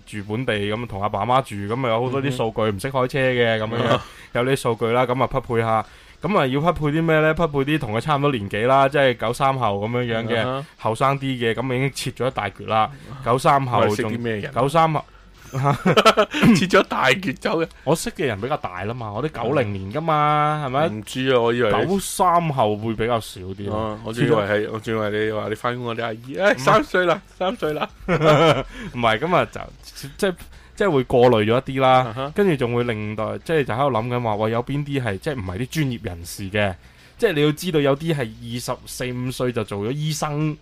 Speaker 1: 住本地咁，同、啊、阿爸媽住，咁啊有好多啲數據唔識、嗯、哼開車嘅咁樣，啊、 有啲數據啦，咁啊匹配下。咁啊，要匹配啲咩咧？匹配啲同佢差唔多年紀啦，即係九三後咁樣樣嘅後生啲嘅，咁已經切咗一大橛啦。九三後仲啲咩人？九三後切咗大橛走嘅。我識嘅人比較大啦嘛，我啲九零年噶嘛，係咪？唔知啊，我以為九三後會比較少啲。我以為係，我以為你話你翻工嗰啲阿姨，誒，三歲啦，三歲啦，唔係，咁啊就即係。即係會過濾咗一啲啦，跟住仲會令到即係就喺度諗緊話，喂，有邊啲係即係唔係啲專業人士嘅？即係你要知道有啲係二十四五歲就做咗醫生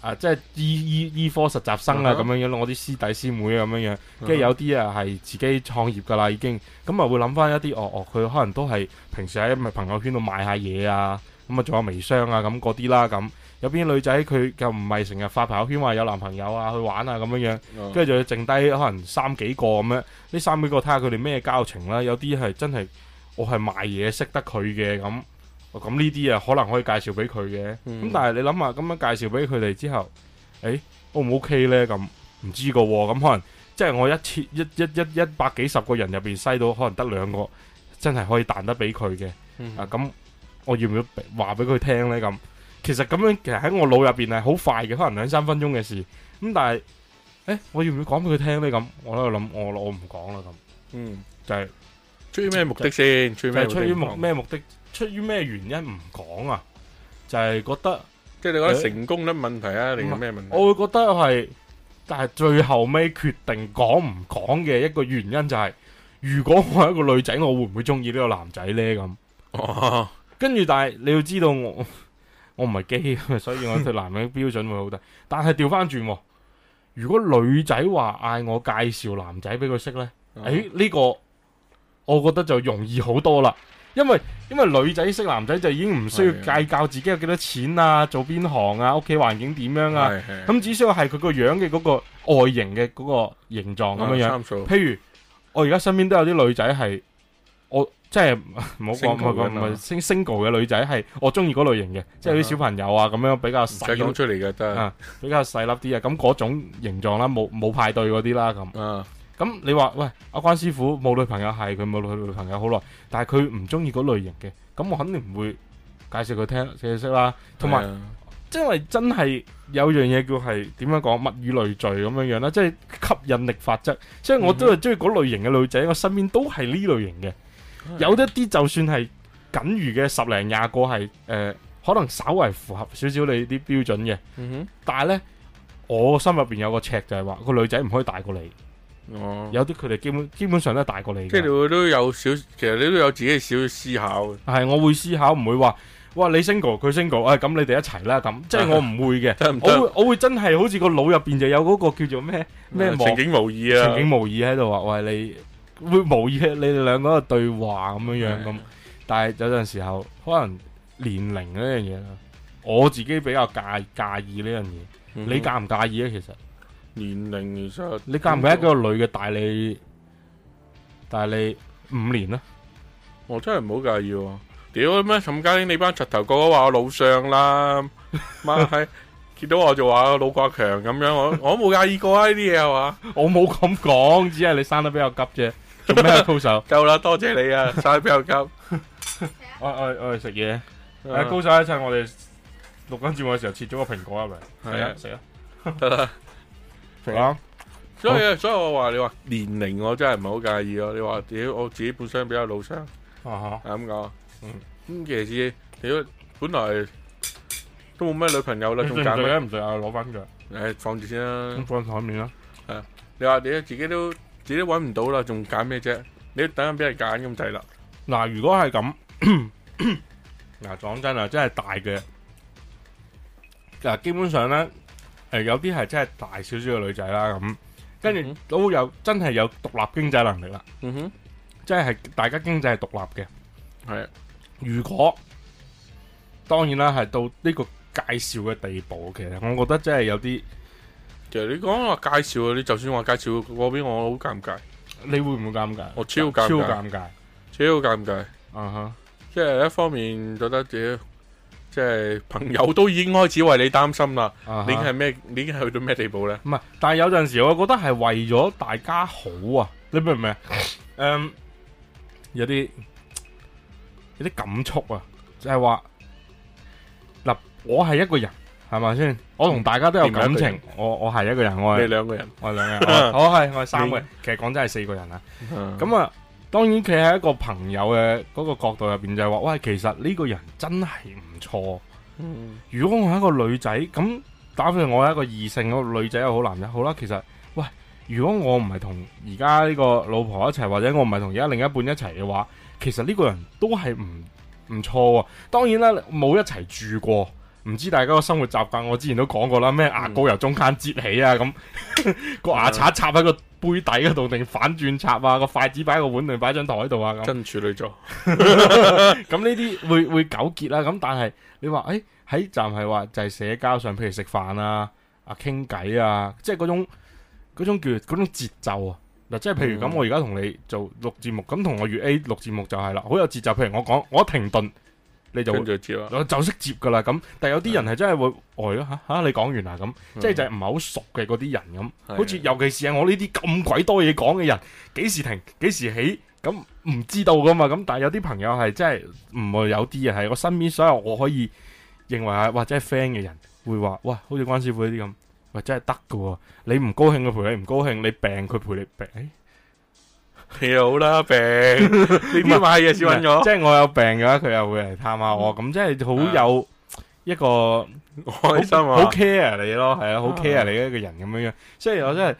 Speaker 1: 啊，即係醫醫醫科實習生啊咁、uh huh. 樣樣咯，我啲師弟師妹啊咁樣樣，跟住有啲啊係自己創業噶啦已經，咁啊會諗翻一啲哦哦，佢、哦、可能都係平時喺朋友圈度賣一下嘢啊，咁啊仲有微商啊咁嗰啲啦咁。咁有邊啲女仔佢又唔係成日發朋友圈話有男朋友啊去玩啊咁樣樣，跟住就剩低可能三幾個咁樣，呢三幾個睇下佢哋咩交情啦。有啲係真係我係賣嘢識得佢嘅咁，咁呢啲啊可能可以介紹俾佢嘅。咁但係你諗下咁樣介紹俾佢哋之後，誒 O 唔 O K 呢？咁唔知個喎，咁可能即係我一千一一一一百幾十個人入邊篩到可能得兩個真係可以彈得俾佢嘅啊？咁我要唔要話俾佢聽呢？咁？其實咁樣，其實喺我腦入邊係好快嘅，可能兩三分鐘嘅事。咁但係，誒，我要唔要講俾佢聽呢？咁我喺度諗，我我唔講啦。咁，嗯，就係出於咩目的先？出於目咩目的？就出於咩原因唔講啊？就係覺得，即係你覺得成功咧問題啊？你有咩問題？我會覺得係，但係最後尾決定講唔講嘅一個原因就係，如果我係一個女仔，我會唔會中意呢個男仔呢？咁，哦，跟住但係你要知道我。我唔係機，所以我對男人的標準會好低。 但係調翻轉，如果女仔話嗌我介紹男仔俾佢識呢，誒呢 Okay.、欸呢個我覺得就容易好多啦。因為因為女仔識男仔就已經唔需要計較自己有幾多錢啊、做邊行啊、屋企環境點樣啊，咁只需要係佢個樣嘅嗰個外形嘅嗰個形狀咁樣樣。Okay. 譬如我而家身邊都有啲女仔係我。即係唔好講，唔係星 single 嘅是是女仔係我中意嗰類型嘅，啊、即係啲小朋友啊咁樣比較細講出嚟嘅、嗯、比較細粒啲啊，咁嗰種形狀啦，冇冇派對嗰啲啦咁。咁你話喂，阿關師傅冇女朋友係佢冇女朋友好耐，但係佢唔中意嗰類型嘅，咁我肯定唔會介紹佢聽，寫識啦。同埋、啊，即係真係有樣嘢叫係點樣講物以類聚咁樣樣啦，即係吸引力法則。即係我都係中意嗰類型嘅女仔，嗯、哼我身邊都係呢類型嘅。有一啲就算係僅餘嘅十零廿個係誒、呃，可能稍為符合少少你啲標準嘅。嗯、哼但係咧，我心入邊有個尺就係話個女仔唔可以大過你。哦，有啲佢哋基本基本上都大過你。即係你都有少，其實你都有自己少思考。係，我會思考，唔會話哇你 single 佢 single，啊咁你哋一齊啦咁。即係我唔會嘅。 我會我會真係好似個腦入邊就有嗰個叫做咩咩情景模擬啊，情景模擬喺度話喂你。會無意，你哋兩個嘅對話咁樣樣咁，但係有陣時候可能年齡呢樣嘢啦，我自己比較介介意呢樣嘢，你介唔介意咧？其實年齡其實你介唔介意一個女嘅大你，大你五年咧？我真係唔好介意，屌咩？陳家英，你班柒頭哥哥話我老上老相啦，咪係見到我就話我老掛強咁樣，我我都冇介意過呢啲嘢係嘛？我冇咁講，只係你生得比較急啫。做咩高手？夠啦，多謝你啊！手比較急，我我我哋食嘢，高手一齊我哋錄緊節目嘅時候切咗個蘋果係咪？係啊，食啊，得啦，食啦。所以所以我話你話年齡我真係唔係好介意咯。你話屌我自己本身比較老成，啊吓，係咁講。嗯，咁其實，屌本來都冇咩女朋友啦，仲揀咩？唔使啊，攞翻佢。誒，放住先啦，放台面啦。誒，你話你自己都。自己都揾唔到啦，仲揀咩啫？你等緊俾人揀咁滯啦。嗱，啊，如果係咁，嗱講真啊，真係大嘅嗱，基本上咧，誒有啲係真係大少少嘅女仔啦，咁跟住都有真係有獨立經濟能力啦。嗯哼，即係大家經濟係獨立嘅。係啊，如果當然啦，係到呢個介紹嘅地步，其實我覺得真係有啲。其實你講話介紹啊，你就算話介紹嗰邊，我好尷尬。你會唔會尷尬？我超尷超尷尬，超尷尬。啊哈！Uh huh. 即係一方面覺得自己，即係朋友都已經開始為你擔心啦。Uh huh. 你已經係咩？你已經去到咩地步咧？唔係，但係有陣時，我覺得係為咗大家好啊。你明唔明啊？有啲有啲感觸啊，就係話嗱，我係一個人。係咪先？嗯、我同大家都有感情，我我係一個人，我係兩個人，我係兩個人。 好，我係我係三個人， 其實講真係四個人啦、啊。咁啊、嗯，當然企喺一個朋友嘅嗰個角度入邊，就係話，喂，其實呢個人真係唔錯。嗯、如果我係一個女仔，咁假設我係一個異性嘅女仔又好男，男人好啦。其實，喂，如果我唔係同而家呢個老婆一齊，或者我唔係同而家另一半一齊嘅話，其實呢個人都係唔唔錯。當然啦，冇一齊住過。唔知大家個生活習慣，我之前都講過啦，咩牙膏由中間折起啊，咁個、嗯、 牙刷插喺個杯底嗰度，定反轉插啊，個筷子擺個碗定擺張台度啊，咁。真處女座，咁呢啲會會糾結啦。咁但係你話誒，喺站係話就係社交上，譬如食飯啊，啊傾偈啊，即係嗰種嗰種叫嗰種節奏啊。嗱，即係譬如咁，我而家同你做錄節目，咁同我粵 A 錄節目就係啦，好有節奏。譬如我講，我停頓。你就會就識接噶啦，咁但係有啲人係真係會呆咯嚇嚇。你講完啦咁，即係就係唔係好熟嘅嗰啲人咁，好似尤其是係我呢啲咁鬼多嘢講嘅人，幾時停幾時起咁唔知道噶嘛。咁但係有啲朋友係真係唔會有啲嘢係我身邊所有我可以認為啊，或者係 friend 嘅人會話，哇，好似關師傅嗰啲咁，哇真係得噶喎！你唔高興佢陪你唔高興你，你病佢陪你病。哎你好、嗯、啦，病你啲買嘢，先揾咗，即係我有病嘅話，佢又會嚟探下我，咁即係好有一個、嗯、開心啊，好 care 你咯，係啊，好 care 你一個人咁樣樣，即係、啊、我真係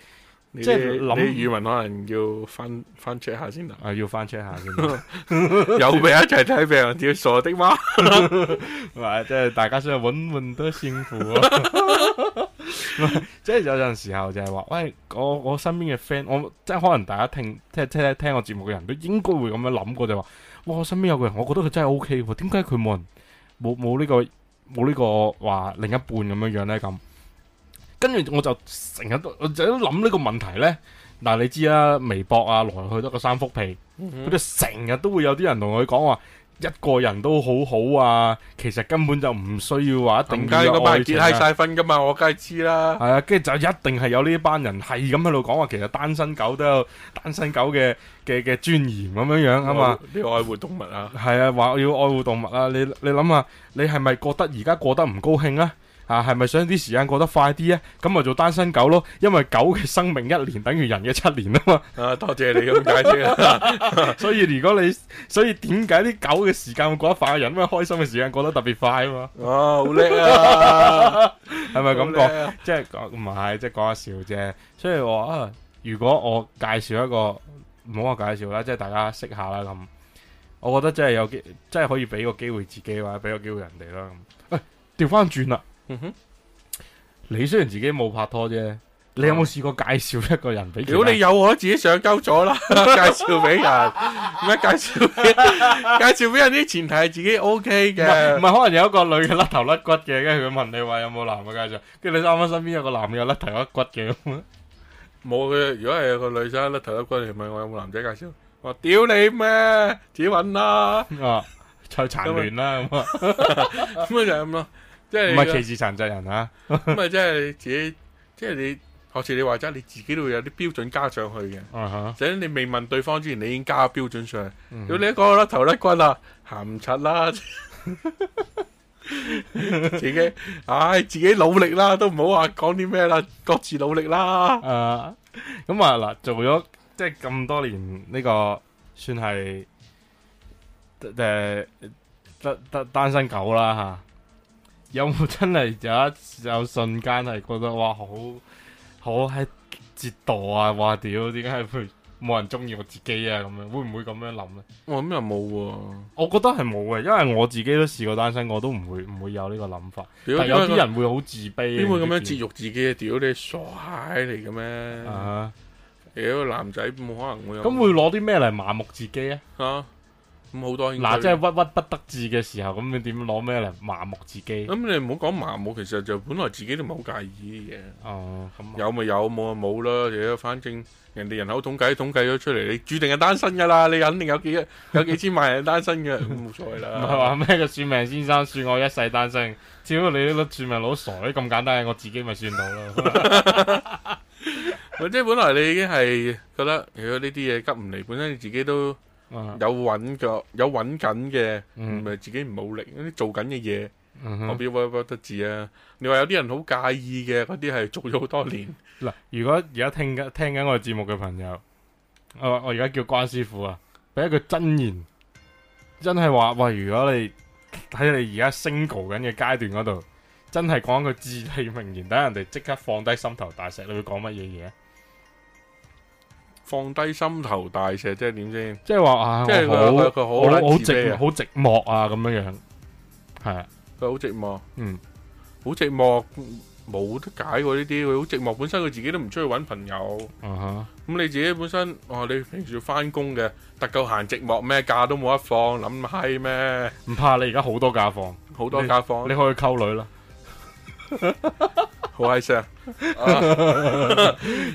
Speaker 1: 你即係諗啲語文可能要翻翻 check 下先得，啊要翻 check 下先，有病一齊睇病，屌傻的嗎？咪即係大家想穩穩都幸福、啊。 即係 有陣時候就係話，喂，我我身邊嘅 friend，我即係可能大家聽聽聽聽我節目嘅人都應該會咁樣諗過就話、是，哇，我身邊有個人，我覺得佢真係 O K，點解佢冇人冇冇呢個冇呢、這個話另一半咁樣呢這樣咧？咁，跟住我就成日都就諗呢個問題咧。嗱，你知啦、啊，微博啊來去都個三幅被，佢哋成日都會有啲人同佢講話。一個人都好好啊，其實根本就唔需要話一定要愛情啊。突然間呢個咪結閪晒婚㗎嘛，我梗係知啦。係啊，跟住就一定係有呢班人係咁喺度講話，其實單身狗都有單身狗嘅嘅嘅尊嚴咁樣樣啊嘛，要，吧要愛護動物啊。係啊，話要愛護動物啊，你你諗下，你係咪覺得而家過得唔高興啊？啊，係咪想啲時間過得快啲啊？咁咪做單身狗咯，因為狗嘅生命一年等於人嘅七年啊嘛。啊，多謝你咁解釋。 所以如果你，所以點解啲狗嘅時間會過得快人？人因開心嘅時間過得特別快啊嘛。哦，好叻啊！係咪咁講？即係唔係？即係講下笑啫。所以話啊，如果我介紹一個，唔好話介紹啦，即係大家識下啦咁。我覺得真係有機，真係可以俾個機會自己或者俾個機會人哋啦。喂，調翻轉啦！嗯哼，你雖然自己冇拍拖啫，你有冇試過介紹一個人俾？如果你有，我都自己上鳩咗啦，介紹俾人，咩介紹？介紹俾人啲前提係自己 O K 嘅，唔係可能有一個女嘅甩頭甩骨嘅，跟住佢問你話有冇男嘅介紹，跟住你啱啱身邊有個男嘅甩頭甩骨嘅，冇嘅。如果係有個女仔甩頭甩骨，你問我有冇男仔介紹？我屌你咩，自己揾啦，啊，再殘聯啦，咁啊，咁啊就咁咯。即係唔係歧視殘疾人啊？咁啊，即係自己，即、就、係、是、你學似你話齋，你自己都會有啲標準加上去嘅。或者、uh huh. 你未問對方之前，你已經加咗標準上去。果、uh huh. 你講、啊、啦，頭甩骨啊，鹹唔柒啦。自己，唉、哎，自己努力啦，都唔好話講啲咩啦，各自努力啦。啊、uh,，咁啊嗱，做咗即係咁多年呢、這個，算係誒、呃、得得，得單身狗啦吓。有冇真係有一有瞬間係覺得哇好好喺折墮啊？話屌點解係冇人中意我自己啊？咁樣會唔會咁樣諗咧、啊？我諗又冇喎，我覺得係冇嘅，因為我自己都試過單身過，我都唔會唔會有呢個諗法。屌有啲人會好自卑，點會咁樣折辱自己啊？屌你傻閪嚟嘅咩？啊！屌男仔冇可能會咁會攞啲咩嚟麻木自己啊？啊！咁好多嗱，即係鬱鬱不得志嘅時候，咁你點攞咩嚟麻木自己？咁你唔好講麻木，其實就本來自己都唔好介意啲嘢。哦，咁有咪有，冇咪冇啦。而家反正人哋人口統計統計咗出嚟，你注定係單身噶啦，你肯定有幾有幾千萬人單身嘅，冇所謂啦。唔係話咩個算命先生算我一世單身，只要你算命佬傻啲咁簡單嘅，我自己咪算到啦。即係本來你已經係覺得如果呢啲嘢急唔嚟，本身你自己都。Uh huh. 有揾嘅，有揾緊嘅，唔係、uh huh. 自己唔努力，啲做緊嘅嘢，我表屈得字啊？你話有啲人好介意嘅，嗰啲係做咗好多年。嗱，如果而家聽緊聽緊我嘅節目嘅朋友，我而家叫關師傅啊，俾一句真言，真係話喂，如果你睇你而家升高緊嘅階段嗰度，真係講一句至理名言，等人哋即刻放低心頭大石，你會講乜嘢嘢？放低心頭大石，即係點先？即係話啊，即係佢佢佢好好好好寂寞啊，咁樣樣係啊，佢好寂寞，嗯，好寂寞，冇得解喎呢啲，佢好寂寞，本身佢自己都唔出去揾朋友，咁、uh huh、你自己本身，哦，你平時要翻工嘅，得夠閒寂寞咩？假都冇得放，諗閪咩？唔怕，你而家好多假放，好多假放，你可以溝女啦。好哀傷，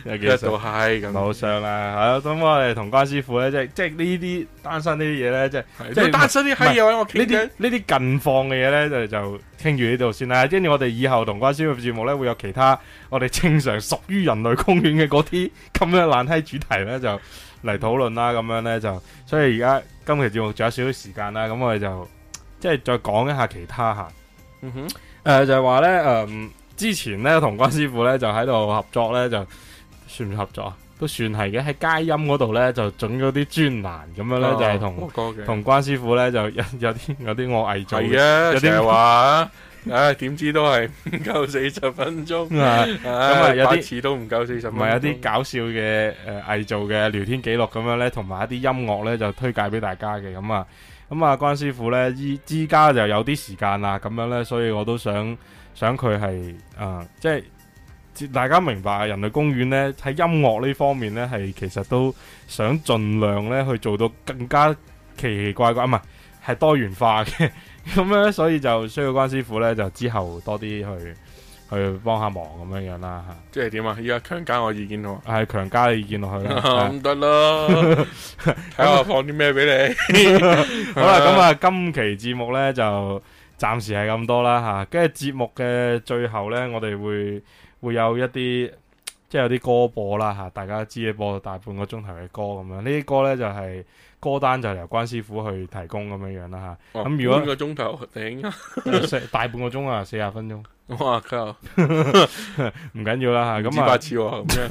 Speaker 1: 又見到嗨咁，好傷啦。咁我哋同關師傅咧，即係即係呢啲單身呢啲嘢咧，即係即係單身啲閪嘢啦。我呢啲呢啲近況嘅嘢咧，就就傾住呢度先啦。跟住我哋以後同關師傅節目咧，會有其他我哋正常屬於人類公園嘅嗰啲咁樣爛閪主題咧，就嚟討論啦。咁樣咧就，所以而家今期節目仲有少少時間啦。咁我哋就即係再講一下其他吓。嗯
Speaker 2: 哼。
Speaker 1: 誒、呃，就係話咧，誒、嗯，之前咧同關師傅咧就喺度合作咧，就算唔合作啊？都算係嘅，喺街音嗰度咧就整咗啲專欄咁樣咧，啊、就係同同關師傅咧就有有啲有啲惡藝做嘅有啲點話。哈哈唉，點知都係唔夠四十分鐘啊！咁啊，啊有啲似都唔夠四十分鐘。唔係有啲搞笑嘅誒，偽造嘅聊天記錄咁樣咧，同埋一啲音樂咧就推介俾大家嘅咁啊。咁啊，關師傅咧依依家就有啲時間啦，咁樣咧，所以我都想想佢係啊，即係大家明白啊。人類公園咧喺音樂呢方面咧，係其實都想盡量咧去做到更加奇奇怪怪啊，唔係係多元化嘅。咁咧，所以就需要關師傅咧，就之後多啲去去幫下忙咁樣樣啦，吓。即係點啊？要強加我意見咯，係強加意見落去咯。咁得啦，睇 我放啲咩俾你。 好啦，咁啊、 嗯，今期節目咧就暫時係咁多啦吓。跟住節目嘅最後咧，我哋會會有一啲即係有啲歌播啦，吓，啊。大家知嘅，播到大半個鐘頭嘅歌咁樣。呢啲歌咧就係，是。歌單就由關師傅去提供咁樣樣啦吓，咁、啊、如果半個鐘頭頂，大半個鐘啊，四十分鐘哇靠，唔緊要啦吓，咁啊唔知八字咁樣，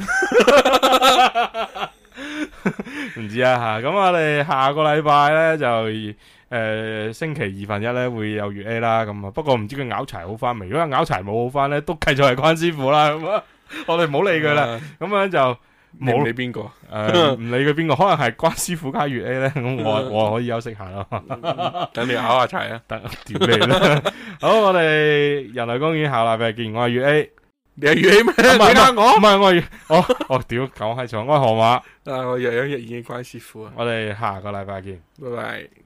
Speaker 1: 唔知啊吓，咁我哋下個禮拜咧就誒、呃、星期二份一咧會有月 A 啦，咁啊不過唔知佢拗柴好返未，如果拗柴冇好返咧，都繼續係關師傅啦，咁啊 我哋唔好理佢啦，咁 樣就。
Speaker 2: 冇理邊個，誒
Speaker 1: 唔理佢邊個，可能係關師傅加粵 A 咧，咁我 我可以休息下咯， 等你拗下柴啊，等屌你啦！ 好，我哋人類公園下禮拜見，我係粵 A，你係粵 A 咩？唔係是我，唔係我我屌，講係講開我係河馬，啊我日日已經關師傅啊，我哋下個禮拜見，拜拜。